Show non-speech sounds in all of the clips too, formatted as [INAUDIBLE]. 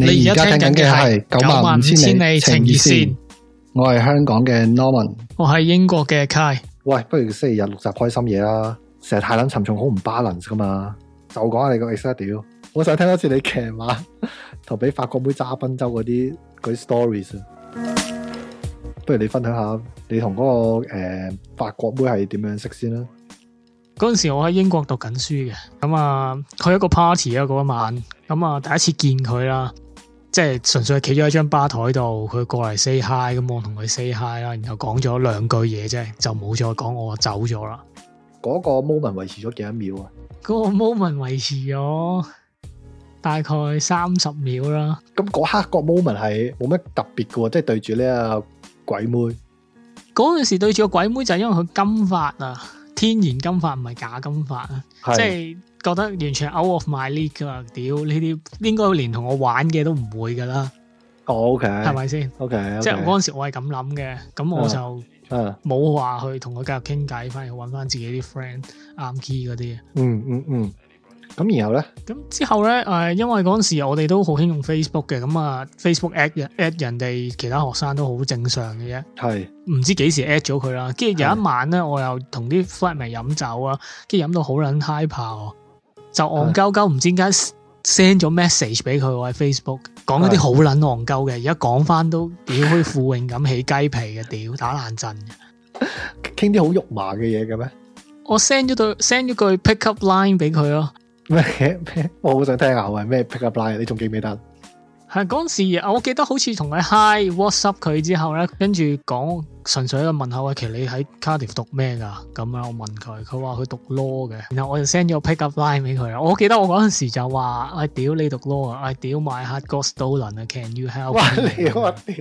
你而家聽緊嘅係九萬五千里情熱線。我係香港嘅 Norman，我係英國嘅 Kai。喂，不如星期日六集開心嘢啦。成日太撚沉重，好唔 balance 噶嘛？就講下你個 exciting。我想聽多次你騎馬同俾法國妹揸賓州嗰啲嗰啲 stories。不如你分享下你同嗰、那個誒、呃、法國妹係點樣識先啦？嗰陣時我喺英國讀緊書嘅咁啊，去一個 party 啊嗰晚咁啊，第一次見佢啦。即係純粹係企咗喺張吧台度，佢過嚟 say hi，咁我同佢 say hi 啦，然後講咗兩句嘢啫，就冇再講，我走咗啦。嗰個 moment 維持咗幾多秒啊？嗰個 moment 維持咗大概三十秒啦。咁嗰刻個 moment 係冇乜特別噶即係對住呢個鬼妹。嗰陣時對住個鬼妹就係因為佢金髮啊，天然金髮唔係假金髮啊，即係。覺得完全 out of my league 啊！屌呢啲應該連同我玩嘅都唔會噶啦、哦。OK，係咪先？OK，即係嗰陣時我係咁諗嘅，咁我就冇、uh, uh, 話去同佢繼續傾偈，反而搵翻自己啲 friend 啱 key 嗰啲。嗯嗯嗯。咁、嗯、然後咧，咁之後咧，誒，因為嗰陣時我哋都好興用 Facebook 嘅，咁啊，Facebook at 人 at 人哋其他學生都好正常嘅啫。係。唔知幾時 at 咗佢啦，跟住有一晚咧，我又同啲 friend 咪飲酒啊，跟住飲到好卵 high 炮。就戇鳩鳩，唔知點解 send 咗 message 俾佢我喺 Facebook，講一啲好撚戇鳩嘅，而家講翻都屌虛附永咁起，起雞皮嘅，屌打冷震，嘅，傾啲好肉麻嘅嘢嘅咩？我 send 咗對 send 咗句 pick up line 俾佢咯，咩咩？我好想聽下，喂咩 pick up line？你仲記唔記得？係嗰陣時，我記得好似同佢 high WhatsApp 佢之後咧，跟住講純粹喺度問下喂，其實你喺 Cardiff 讀咩噶？咁樣，我問佢，佢話佢讀 law 嘅。然後我就 send 咗個 pick up line 俾佢。我記得我嗰陣時就話：，我屌你讀 law 啊！我屌 my heart got stolen 啊！Can you help？、Me? 哇你我屌！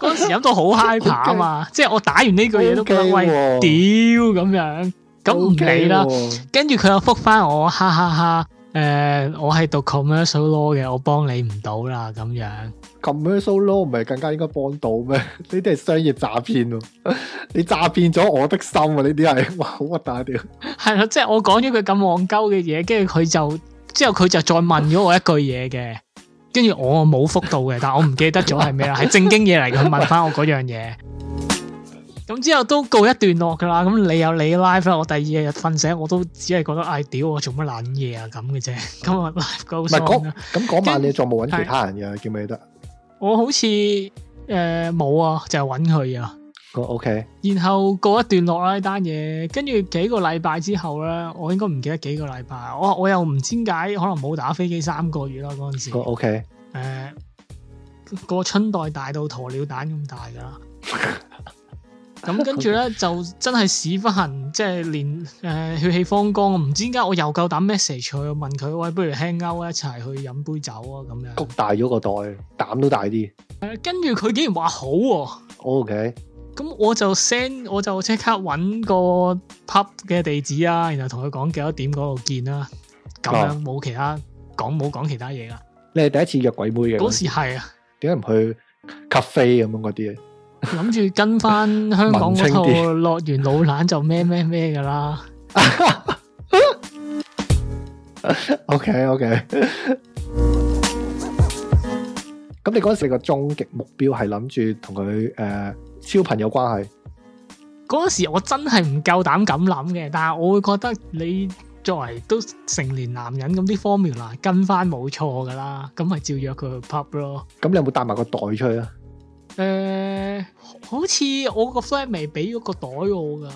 嗰陣 [LAUGHS] [LAUGHS] [LAUGHS] [LAUGHS] 時飲到好 high 扒啊嘛，okay. 即係我打完呢句嘢都講、okay. 喂屌咁樣，咁唔理啦。跟住佢又覆翻我哈哈哈。誒，我係讀 commercial law 嘅，我幫你唔到啦，咁樣 commercial law 唔係更加應該幫到咩？呢啲係商業詐騙咯，你詐騙咗我的心啊！呢啲係哇，好核突啊！屌，係咯，即係我講咗句咁戇鳩嘅嘢，跟住佢就之後佢就再問咗我一句嘢嘅，跟住我冇覆到嘅，但係我唔記得咗係咩啦，係正經嘢嚟，佢問翻我嗰樣嘢。咁之後都告一段落噶啦，咁你有你 live 啦，我第二日瞓醒我都只係覺得唉、哎，屌我做乜卵嘢啊咁嘅啫，okay. 今日 live 夠晒啦。咁嗰晚你仲冇揾其他人嘅叫咩得？我好似誒冇啊，就揾佢啊。O、okay. K，然後告一段落啦呢單嘢，跟住幾個禮拜之後咧，我應該唔記得幾個禮拜，我我又唔知點解，可能冇打飛機三個月啦嗰陣時。O K，誒，個春袋大到鴕鳥蛋咁大噶啦。 [LAUGHS] 咁、嗯、跟住咧、okay. 就真係屎忽痕，即、就、係、是、連、呃、血氣方剛。唔知點解我又夠膽 message 佢問佢喂、哎，不如 hang out 勾一齊去飲杯酒啊咁樣。谷大咗個袋，膽都大啲、嗯。跟住佢竟然話好喎、啊。OK，咁我就 send 我就即刻搵個 pub 嘅地址啊，然後同佢講幾多點嗰度見啦。咁樣冇、oh. 其他講，冇講其他嘢噶。你係第一次約鬼妹嘅？嗰時係啊。點解唔去 cafe 咁樣嗰啲？諗住跟翻香港嗰套樂園老懶就咩咩咩噶啦。O K O K。咁你嗰時個終極目標係諗住同佢誒超朋友關係？嗰時我真係唔夠膽咁諗嘅，但係我會覺得你作為都成年男人咁，啲 formula，跟翻冇錯噶啦，咁咪照約佢去 pub 咯。咁你有冇帶埋個袋出去啊？誒、呃，好似我個 friend 俾咗個袋我噶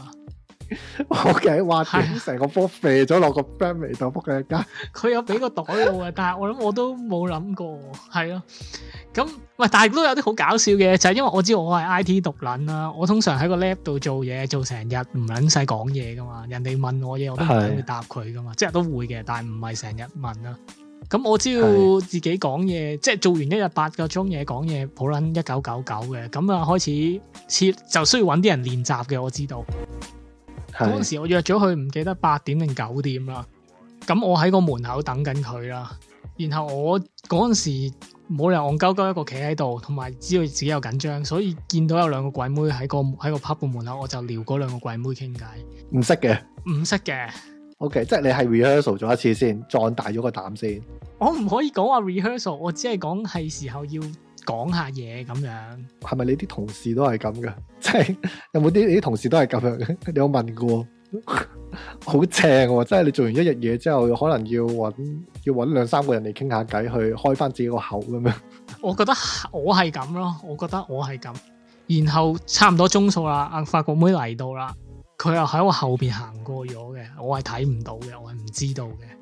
[LAUGHS] 我嘅哇，點成個波飛咗落個 friend 度 book 佢有俾個袋我嘅，但係我諗我都冇諗過，係咯、啊，咁，喂，但係都有啲好搞笑嘅，就係、是、因為我知道我係 I T 毒撚啦，我通常喺個 l a b 度做嘢，做成日唔捻使講嘢噶嘛，人哋問我嘢我都唔會答佢噶嘛，即係都會嘅，但係唔係成日問啊。咁我知道自己講嘢，即係做完一日八個鐘嘢講嘢，普撚一九九九嘅。咁啊開始切就需要揾啲人練習嘅。我知道嗰陣時我約咗佢，唔記得八點定九點啦。咁我喺個門口等緊佢啦。然後我嗰陣時冇理由戇鳩鳩一個企喺度，同埋知道自己又緊張，所以見到有兩個鬼妹喺個喺個 pub 門口，我就撩嗰兩個鬼妹傾偈。唔識嘅，唔識嘅。O、okay，即係你係 rehearsal 咗一次先，壯大咗個膽先。我唔可以講話 rehearsal，我只係講係時候要講下嘢咁樣。係咪你啲同事都係咁噶？即係有冇啲你啲同事都係咁樣嘅？你有問過， [LAUGHS] 好正、哦，即係你做完一日嘢之後，可能要揾要揾兩三個人嚟傾下偈，去開翻自己個口咁樣。我覺得我係咁咯，我覺得我係咁。然後差唔多鐘數啦，阿法國妹嚟到啦。佢又喺我後邊行過咗嘅，我係睇唔到嘅，我係唔知道嘅。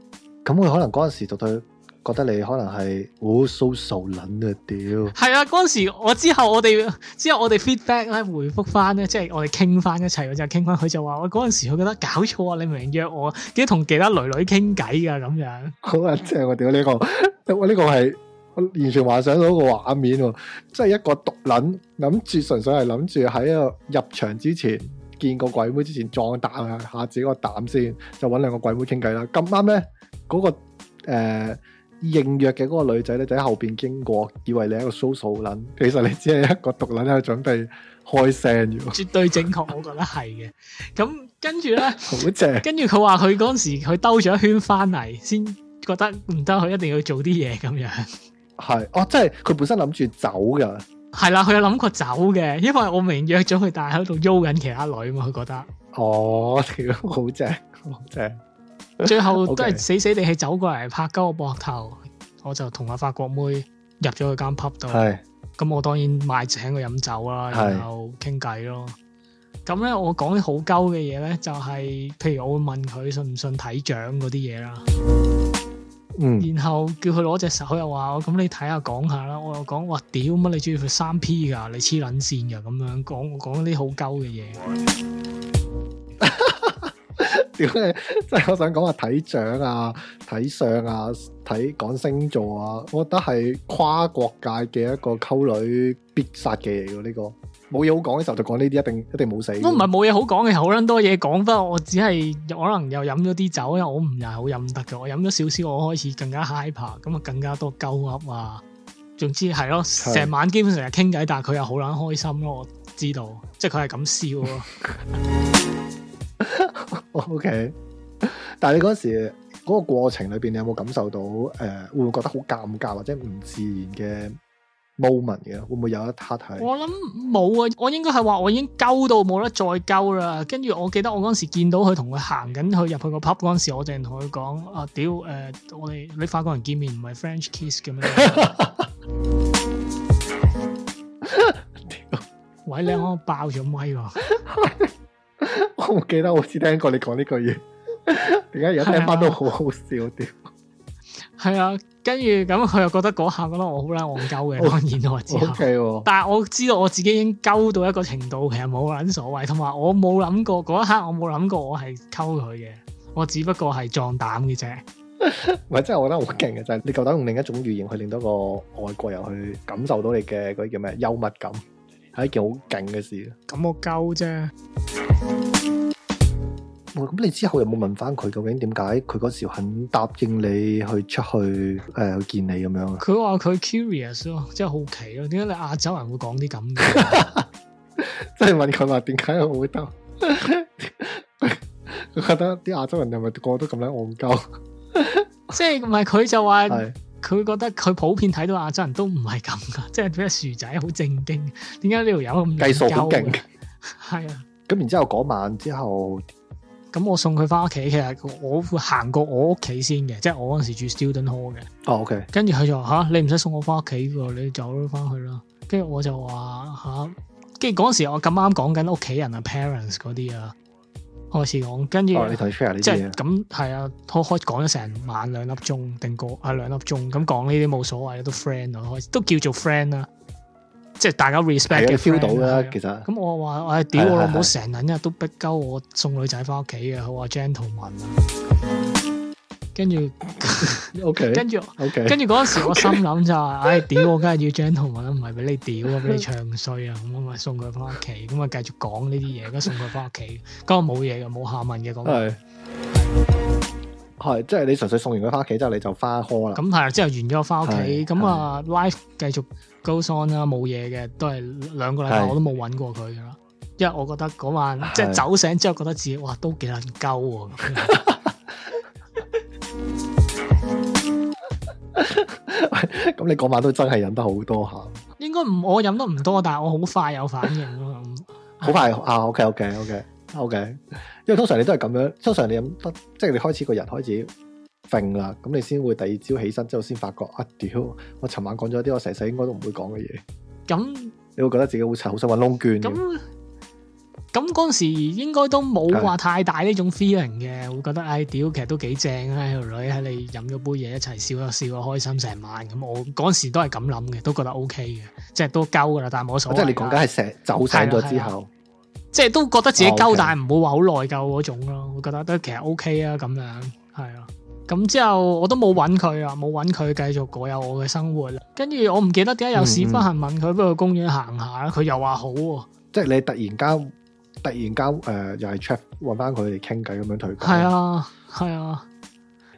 咁佢可能嗰陣時就對覺得你可能係好蘇蘇捻啊屌係啊！嗰陣時我之後我哋之後我哋 feedback 咧回覆翻咧，即係我哋傾翻一齊，我就傾翻佢就話我嗰陣時佢覺得搞錯啊！你唔明，明約我，點同其他女女傾偈噶咁樣好啊，正啊！屌 [LAUGHS] 呢、這個、這個、是我呢個係完全幻想到個畫面，即係一個毒撚諗住，純粹係諗住喺個入場之前。見個鬼妹之前壯膽下自己個膽先，就揾兩個鬼妹傾偈啦。咁啱咧，嗰個誒應約嘅嗰個女仔咧，就喺後邊經過，以為你係一個騷騷卵，其實你只係一個毒卵，喺度準備開聲。絕對正確， [LAUGHS] 我覺得係嘅。咁跟住咧，好正。跟住佢話佢嗰時佢兜咗一圈翻嚟，先覺得唔得，佢一定要做啲嘢咁樣。係，哦，即係佢本身諗住走噶。係啦，佢有諗過走嘅，因為我明，明約咗佢，但係喺度喐緊其他女嘛，佢覺得。哦，條好正，好正。 [LAUGHS] 最後，okay。都係死死地氣走過嚟，拍鳩我膊頭，我就同阿法國妹入咗佢間 pub 度。係。咁我當然買請佢飲酒啦，然後傾偈咯。咁咧，我講啲好鳩嘅嘢咧，就係、是，譬如我會問佢信唔信睇獎嗰啲嘢啦。嗯、然後叫佢攞隻手又話，咁你睇下講下啦。我又講，哇，屌乜你中意佢三 P 㗎？你黐撚線㗎？咁樣講講啲好鳩嘅嘢。屌你！即係 [MUSIC] 我想講下睇掌啊、睇相啊、睇講星座啊，我覺得係跨國界嘅一個溝女必殺技嚟嘅呢個。冇嘢好講嘅時候就講呢啲，一定一定冇死。都唔係冇嘢好講嘅，好捻多嘢講。不過我只係可能又飲咗啲酒，因為我唔係好飲得嘅。我飲咗少少，我開始更加 hyper，咁啊更加多鳩噏啊。總之係咯，成晚基本成日傾偈，但係佢又好捻開心咯。我知道，即係佢係咁笑。 [LAUGHS] [LAUGHS] o、okay. K，但係你嗰時嗰、嗰個過程裏邊，你有冇感受到誒、呃，會唔會覺得好尷尬或者唔自然嘅？冇文嘅，會唔會有一刻係？我諗冇啊，我應該係話我已經溝到冇得再溝啦。跟住我記得我嗰時見到佢同佢行緊去入去個 pub 嗰陣時，我就同佢講：啊，屌，誒、呃，我哋啲法國人見面唔係 French kiss 嘅咩？屌， [LAUGHS] 喂，你可爆咗麥、啊？ [LAUGHS] 我唔記得，我似聽過你講呢句嘢。點解有得聽翻、啊、都好好笑？屌，係 [LAUGHS] 啊。跟住咁，佢又覺得嗰下覺得我好撚戇鳩嘅，當然我知。但係我知道我自己已經鳩到一個程度，其實冇撚所謂。同埋我冇諗過嗰一刻，我冇諗過我係溝佢嘅，我只不過係壯膽嘅啫。唔係，真係我覺得好勁嘅，就係你夠膽用另一種語言去令到個外國人去感受到你嘅嗰啲叫咩幽默感，係一件好勁嘅事。咁我鳩啫。咁你之後有冇問翻佢究竟點解佢嗰時肯答應你去出去誒、呃、去見你咁樣啊？佢話佢 curious 咯，即係好奇咯。點解你亞洲人會講啲咁嘅？即 [LAUGHS] 係問佢話點解我會得？佢 [LAUGHS] [LAUGHS] 覺得啲亞洲人係咪個個都咁樣戇鳩？ [LAUGHS] 即係唔係佢就話佢覺得佢普遍睇到亞洲人都唔係咁噶，即係啲薯仔好正經。點解呢條友咁計數好勁？係 [LAUGHS] 啊。咁然之後嗰晚之後。咁我送佢翻屋企，其實我會行過我屋企先嘅，即係我嗰時住 student hall 嘅。哦、oh,，OK。跟住佢就話：「吓，你唔使送我翻屋企喎，你走咗翻去啦。跟住我就話吓，跟住嗰時我咁啱講緊屋企人啊，parents 嗰啲啊開始講。跟住即係咁係啊，開開講咗成晚兩粒鐘定個啊兩粒鐘咁講呢啲冇所謂都 friend 啊，開始,、oh, 啊、開始,都, friend, 開始都叫做 friend 啦、啊。即係大家 respect 嘅 feel 到啦。其實。咁我話：，唉屌，我老母成日一日都逼鳩我送女仔翻屋企嘅。佢、 [LAUGHS] okay, okay, 我 gentleman，跟住 OK，跟住 OK，跟住嗰陣時我心諗就係、是：，唉屌我，我梗係要 gentleman，唔係俾你屌啊，俾你唱衰啊，咁 [LAUGHS] 啊送佢翻屋企，咁啊繼續講呢啲嘢，跟住送佢翻屋企，咁我冇嘢嘅，冇下文嘅嗰。那個係，即係你純粹送完佢翻屋企之後，你就翻 call 啦。咁係，之後完咗翻屋企，咁啊 life 繼續 goes on 啦，冇嘢嘅，都係兩個禮拜我都冇揾過佢噶啦。因為我覺得嗰晚即係酒醒之後，覺得自己哇都幾難溝喎。咁 [LAUGHS] [LAUGHS] [LAUGHS] [LAUGHS] 你嗰晚都真係飲得好多下。應該唔，我飲得唔多，但係我好快有反應咯。好 [LAUGHS] 很快 [LAUGHS] 啊？OK，OK，OK。Okay, okay, okay. OK，因為通常你都係咁樣，通常你飲得即係你開始個人開始揈啦，咁你先會第二朝起身之後先發覺啊屌！我尋晚講咗啲我成世應該都唔會講嘅嘢，咁你會覺得自己會好想揾窿捐嘅。咁咁嗰陣時應該都冇話太大呢種 feeling 嘅，會覺得唉屌，其實都幾正啊女，喺你飲咗杯嘢一齊笑啊笑啊開心成晚咁。我嗰陣時都係咁諗嘅，都覺得 OK 嘅，即係都夠噶啦。但係冇所謂，即係你講緊係成走醒咗之後。是即係都覺得自己鳩，但係唔會話好內疚嗰種咯。我、oh, okay. 覺得都其實 OK 啊，咁樣係啊。咁之後我都冇揾佢啊，冇揾佢繼續過有我嘅生活啦。跟住我唔記得點解有屎忽痕問佢，不如公園行下佢又話好喎、啊。即係你突然間，突然間誒、呃、又係 check 揾翻佢哋傾偈咁樣對佢。係啊，係啊。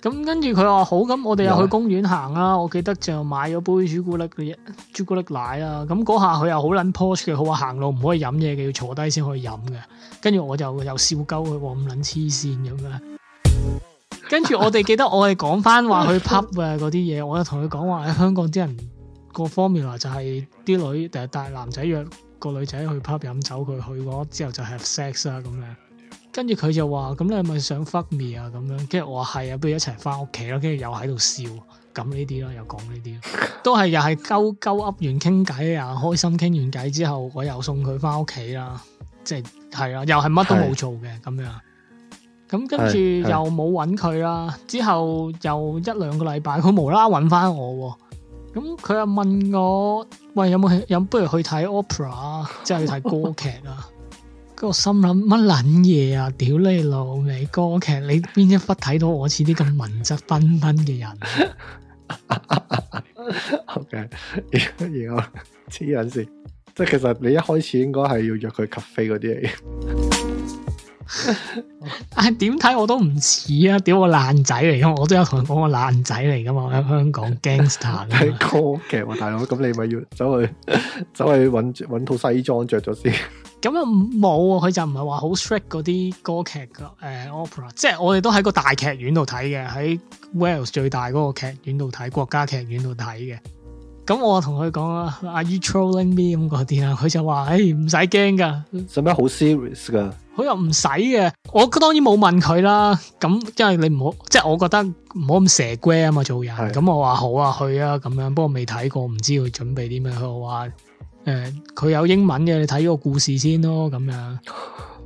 咁跟住佢話好，咁我哋又去公園行啦。我記得就買咗杯朱古力嘅，朱古力奶啊。咁嗰下佢又好捻 push 嘅，佢話行路唔可以飲嘢嘅，要坐低先可以飲嘅。跟住我就又笑鳩佢， [LAUGHS] 我咁捻黐線咁嘅。跟住我哋記得我係講翻話去 pub 嘅嗰啲嘢， [LAUGHS] 我同佢講話喺香港啲人各方面嚟就係啲女誒帶男仔約個女仔去 pub 飲酒，佢去咗之後就 have sex 啊咁樣。跟住佢就話咁你係咪想 fuck me 啊咁樣？跟住我話係啊，不如一齊翻屋企啦。跟住又喺度笑，咁呢啲啦，又講呢啲，都係又係鳩鳩噏完傾偈啊，開心傾完偈之後，我又送佢翻屋企啦。即係係啊，又係乜都冇做嘅咁樣。咁跟住又冇揾佢啦。之後又一兩個禮拜，佢無啦啦揾翻我。咁佢又問我喂，有冇去？有，不如去睇 opera 啊。即係去睇歌劇啊？ [LAUGHS] 嗰個心諗乜撚嘢啊！屌你老味哥，其實你邊一忽睇到我似啲咁文質彬彬嘅人？OK，然後黐撚線，即係其實你一開始應該係要約佢 coffee 嗰啲嘢。係點睇我都唔似啊！屌個爛仔嚟，我都有同佢講個爛仔嚟噶嘛，喺香港 [LAUGHS] gangster 嘅 [LAUGHS] 歌劇，我、啊、大佬咁你咪要走去走去揾套西裝着咗先。咁啊冇，佢就唔係話好 strict 嗰啲歌劇噶，誒、呃、opera，即係我哋都喺個大劇院度睇嘅，喺 Wales 最大嗰個劇院度睇，國家劇院度睇嘅。咁我同佢講啊，are you trolling me 咁嗰啲啊，佢就話誒唔使驚噶，使咩好 serious 噶？佢又唔使嘅，我當然冇問佢啦。咁因為你唔好，即係我覺得唔好咁蛇龜啊嘛，做人。咁我話好啊，去啊咁樣。不過未睇過，唔知佢準備啲咩。佢話誒，佢、呃、有英文嘅，你睇個故事先咯，咁樣。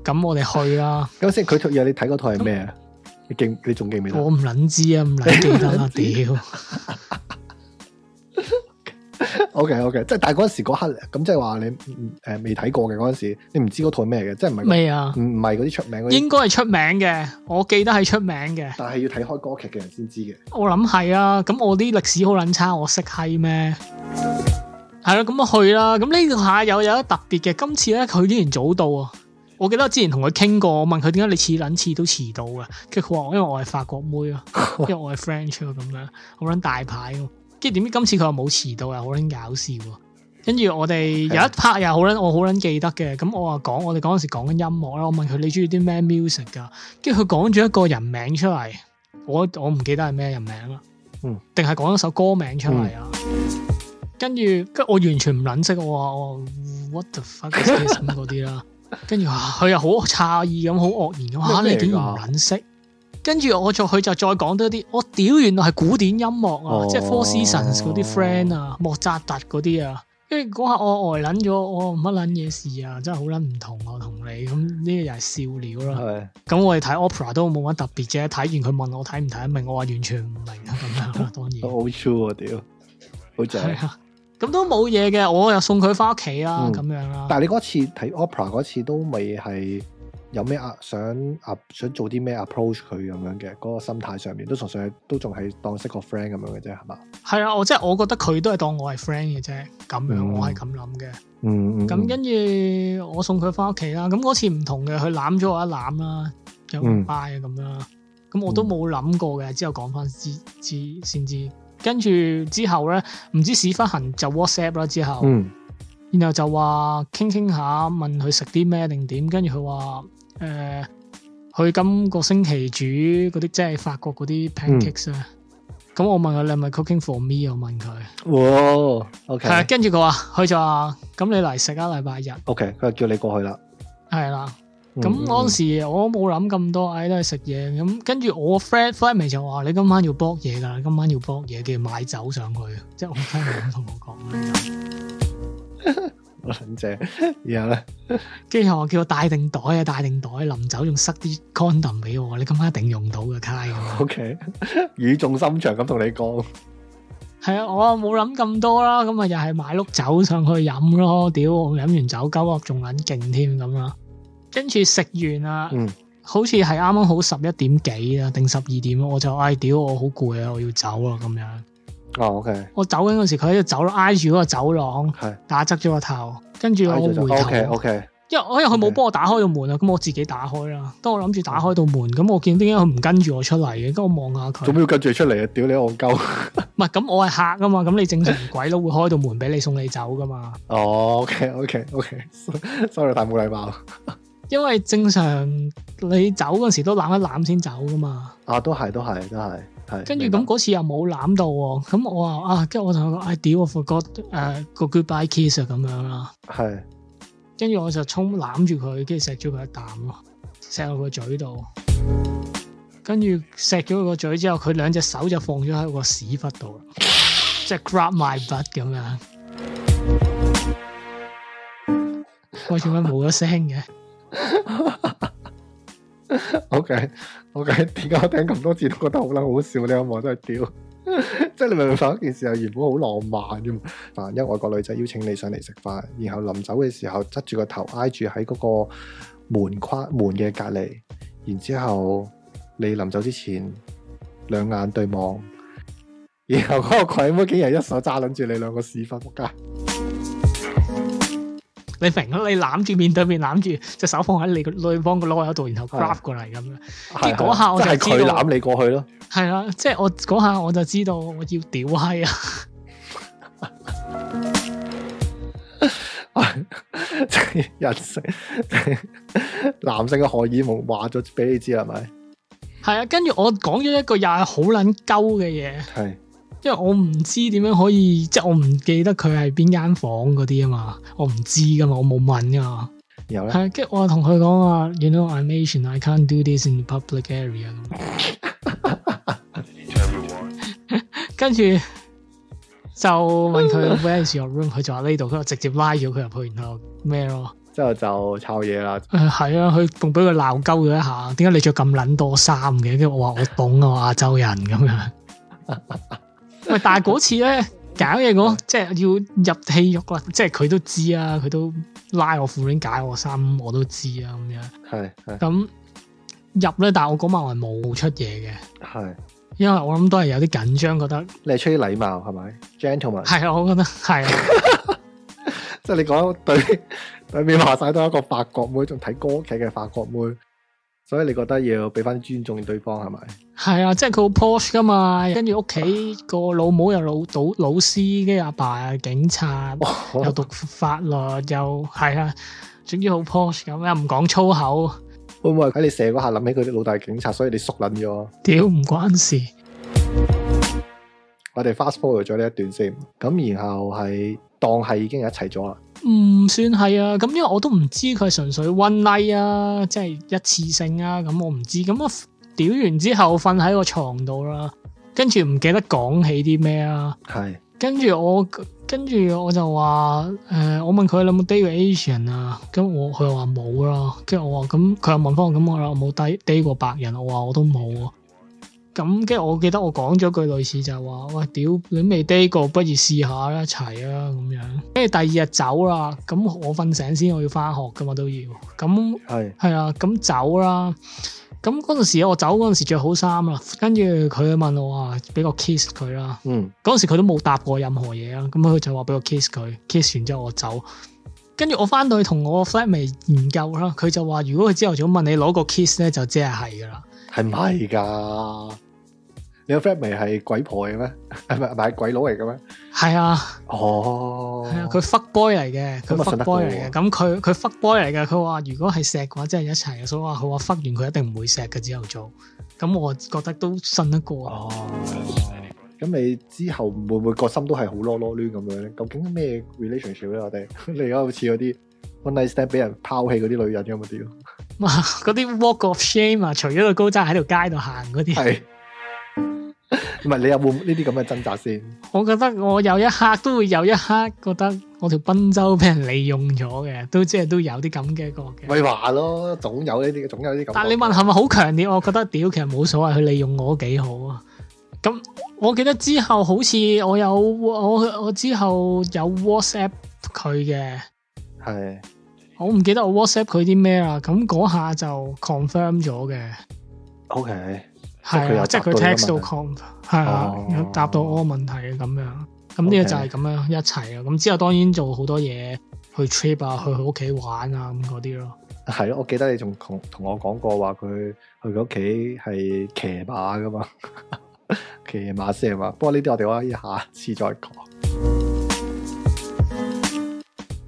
咁 [LAUGHS] 我哋去啦。咁 [LAUGHS] 先那，佢出嘢你睇嗰台係咩啊？你記你仲記唔記得？我唔捻知啊，唔 [LAUGHS] 捻記得啦，屌！ [LAUGHS] [LAUGHS] [LAUGHS] O K O K，即係但係嗰時嗰刻，咁即係話你誒未睇過嘅嗰陣時，你唔知嗰套咩嘅，即係唔係未啊？唔係嗰啲出名嗰啲，應該係出名嘅，我記得係出名嘅。但係要睇開歌劇嘅人先知嘅。我諗係啊，咁我啲歷史好撚差，我識閪咩？係咯，咁 [MUSIC] 啊去啦。咁呢個下又有，有一特別嘅，今次咧佢竟然早到啊！我記得我之前同佢傾過，我問佢點解你似撚次都遲到啊。跟住佢話因為我係法國妹啊，因為我係 [LAUGHS] French 啊咁樣，好撚大牌咁、啊。跟住點知今次佢又冇遲到，又好撚搞笑喎。跟住我哋有一 part 又好撚，我好撚記得嘅。咁我話講，我哋嗰陣時講緊音樂啦。我問佢，你中意啲咩 music 噶？跟住佢講咗一個人名出嚟，我我唔記得係咩人名啦。嗯，定係講一首歌名出嚟啊？跟、嗯、住，我完全唔撚識，我話我 what the fuck 嗰啲啦。跟住佢又好詫異咁，好愕然咁嚇、啊、你點解唔撚識？跟住我再佢就再講多啲，我、哦、屌原來係古典音樂啊，哦、即係 Four Seasons 嗰啲 friend 啊、哦，莫扎特嗰啲啊，因為嗰下我呆撚咗，我唔乜撚嘢事啊，真係好撚唔同、啊、我同你咁呢個又係笑料啦、啊。咁、嗯、我哋睇 Opera 都冇乜特別啫，睇完佢問我睇唔睇得明，我話完全唔明啊咁樣啦，當然。都好粗啊屌，好、哦、正！係、哦、啊，咁都冇嘢嘅，我又送佢翻屋企啊咁樣啦。但你嗰次睇 Opera 嗰次都未係。有咩想啊？想做啲咩 approach 佢咁樣嘅嗰、嗰個心態上面，都仲算係都仲係當識個 friend 咁樣嘅啫，係嘛？係啊，我即係我覺得佢都係當我係 friend 嘅啫，咁樣我係咁諗嘅。嗯，咁跟住我送佢翻屋企啦。咁嗰次唔同嘅，佢攬咗我一攬啦，有唔 bye 啊咁樣。咁、嗯、我都冇諗過嘅、嗯，之後講翻之之先知跟住之後咧，唔知屎忽痕就 WhatsApp 啦之後、嗯。然後就話傾傾下，問佢食啲咩定點，跟住佢話。誒、呃，佢今個星期煮嗰啲即係法國嗰啲 pancakes、嗯、啊，咁我問佢，你係咪 cooking for me？我問佢，哇，OK，係啊，跟住佢話佢就話，咁你嚟食啊，禮拜日。OK，佢就叫你過去啦，係啦、啊。咁、嗯、嗰時我冇諗咁多去吃東西，唉、嗯，都係食嘢。咁跟住我 friend flatmate 咪就話你今晚要博嘢噶啦，你今晚要博嘢，嘅，跟住買酒上去，即係我 friend 同我講。 [LAUGHS] 我 [LAUGHS] 然後咧，跟住我叫我帶定袋啊，帶定袋，臨走仲塞啲 condom 俾我，你今晚一定用到嘅，Kai，OK，語重心長咁同你講，係 [LAUGHS] 啊，我冇諗咁多啦，咁啊又係買碌酒上去飲咯，屌， [LAUGHS] 我飲完酒酒仲撚勁添咁啊，跟住食完啊，嗯，好似係啱啱好十一點幾啊，定十二點、哎、咯，我就唉，屌，我好攰啊，我要走啊！」咁樣。哦、oh,，OK。我走緊嗰時，佢喺度走，挨住嗰個走廊，係打側咗個頭，跟住我門頭回頭 o、okay, k、okay, 因為因為佢冇幫我打開個門啊，咁、okay. 我自己打開啦。當我諗住打開到門，咁我見點解佢唔跟住我出嚟嘅，咁我望下佢。做咩要跟住出嚟啊？屌 [LAUGHS] 你，戇鳩。唔係，咁我係客啊嘛，咁你正常鬼都會開到門俾你送你走噶嘛。哦、oh,，OK，OK，OK，sorry，、okay, okay, okay. 太冇禮貌。因為正常你走嗰時都攬一攬先走噶嘛。啊，都係，都係，都係。跟住咁嗰次又冇攬到喎，咁我話啊，跟住我同佢講，I 屌我 forgot，誒、uh, 個 goodbye kiss 啊咁樣啦。係，跟住我就衝攬住佢，跟住錫咗佢一啖咯，錫落佢嘴度。跟住錫咗佢個嘴之後，佢兩隻手就放咗喺個屎忽度，即係 grab my butt 咁樣。我做乜冇咗聲嘅？O K，O K，點解我聽咁多次都覺得好捻好笑咧？我真係屌，即 [LAUGHS] 係你明唔明？一件事係原本好浪漫嘅嘛，因 [LAUGHS] 為外國女仔邀請你上嚟食飯，然後臨走嘅時候側住個頭挨住喺嗰個門框門嘅隔離，然之後你臨走之前兩眼對望，然後嗰個鬼妹竟然一手揸捻住你兩個屎忽扑街。 [LAUGHS] [LAUGHS] 你明咯？你攬住面對面攬住隻手放喺你個女方個攞喺度，然後 grab 過嚟咁樣。即係嗰下我就知道。係佢攬你過去咯。係啊，即係我嗰下我就知道我要屌閪啊！ [LAUGHS] [LAUGHS] 人性男性嘅荷爾蒙話咗俾你知係咪？係啊，跟住我講咗一個又係好撚鳩嘅嘢。因為我唔知點樣可以，即係我唔記得佢係邊間房嗰啲啊嘛，我唔知噶嘛，我冇問噶嘛。然後咧，係跟住我同佢講話，you know，I'm Asian I can't do this in the public area。跟住就問佢 Where is your room，佢就話呢度，佢就直接拉咗佢入去，然後咩咯？之後就抄嘢啦。係啊，佢仲俾佢鬧鳩咗一下。點解你着咁撚多衫嘅？跟住我話我懂啊，亞洲人咁樣。喂， [LAUGHS] 但係嗰次咧搞嘢，我即係要入戲肉啦，即係佢都知啊，佢都拉我褲鏈解我衫，我都知啊，咁樣係係咁入咧，但係我嗰晚係係冇出嘢嘅，係因為我諗都係有啲緊張，覺得你係出於禮貌係咪 gentleman？係啊，我覺得係，即係 [LAUGHS] [LAUGHS] [LAUGHS] [LAUGHS] 你講對對面話晒都係一個法國妹，仲睇歌劇嘅法國妹。所以你覺得要俾翻啲尊重對方係咪？係啊，即係佢好 posh 噶嘛，跟住屋企個老母又老老老師，跟住阿爸警察，又讀法律，又係啊，總之好 posh 咁，又唔講粗口。會唔會喺你射嗰下諗起佢啲老豆警察，所以你縮捻咗？屌，唔關事。我哋 fast forward 咗呢一段先，咁然後係當係已經一齊咗啦。唔、嗯、算係啊，咁因為我都唔知佢純粹 one night 啊，即、就、係、是、一次性啊，咁、嗯、我唔知。咁我屌完之後瞓喺個床度啦，跟住唔記得講起啲咩啊。係，跟住我跟住我就話，誒、呃，我問佢有冇 date Asian 啊，咁我佢又話冇啦。跟住我話咁，佢又問翻我，咁我話我冇 date 過白人？我話我都冇。咁，跟住我記得我講咗句類似就話，喂，屌你未 date 過，不如試下一齊啊，咁樣。跟住第二日走啦，咁我瞓醒先，我要翻學噶嘛，都要。咁係係啊，咁走啦。咁嗰陣時我走嗰陣時着好衫啦，跟住佢問我話，俾個 kiss 佢啦。嗯，嗰陣時佢都冇答過任何嘢啊，咁佢就話俾我 kiss 佢，kiss 完之後我走。跟住我翻到去同我 flatmate 研究啦，佢就話如果佢之後想問你攞個 kiss 咧，就即係係噶啦，係咪噶？嗯你個 friend 咪係鬼婆嘅咩？係咪係鬼佬嚟嘅咩？係啊，哦，係啊，佢 fuck boy 嚟嘅，佢 fuck boy 嚟嘅。咁佢佢 fuck boy 嚟嘅。佢話如果係錫嘅話，真係一齊嘅。所以話佢話 fuck 完佢一定唔會錫嘅之後做。咁我覺得都信得過。哦，咁你之後會唔會個心都係好囉囉攣咁樣咧？究竟咩 relationship 咧？我哋你而家好似嗰啲 one night stand 俾人拋棄嗰啲女人咁啊屌！哇，嗰啲 walk of shame 啊，除咗個高踭喺條街度行嗰啲。唔係，你有冇呢啲咁嘅掙扎先？ [LAUGHS] 我覺得我有一刻都會有一刻覺得我條賓州俾人利用咗嘅，都即係都有啲咁嘅覺嘅。咪話咯，總有呢啲，總有啲咁。但係你問係咪好強烈？我覺得屌，其實冇所謂，佢利用我都幾好啊。咁我記得之後好似我有我我之後有 WhatsApp 佢嘅，係我唔記得我 WhatsApp 佢啲咩啦。咁嗰下就 confirm 咗嘅。OK。係、啊，即係佢 text 到 com，係啊、哦，答到 all 問題嘅咁樣，咁呢個就係咁樣、okay. 一齊啊。咁之後當然做好多嘢去 trip 啊，啊，去佢屋企玩啊，咁嗰啲咯。係咯、啊，我記得你仲同同我講過話，佢去佢屋企係騎馬噶嘛，騎 [LAUGHS] 馬先嘛。不過呢啲我哋可以下次再講。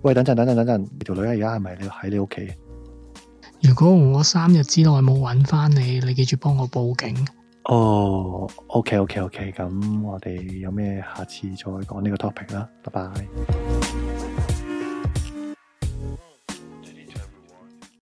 喂，等陣，等陣，等陣，條女而家係咪你喺你屋企？如果我三日之內冇搵返你，你記住幫我報警。哦，oh，OK OK OK，咁我哋有咩下次再講呢個 topic 啦，拜拜。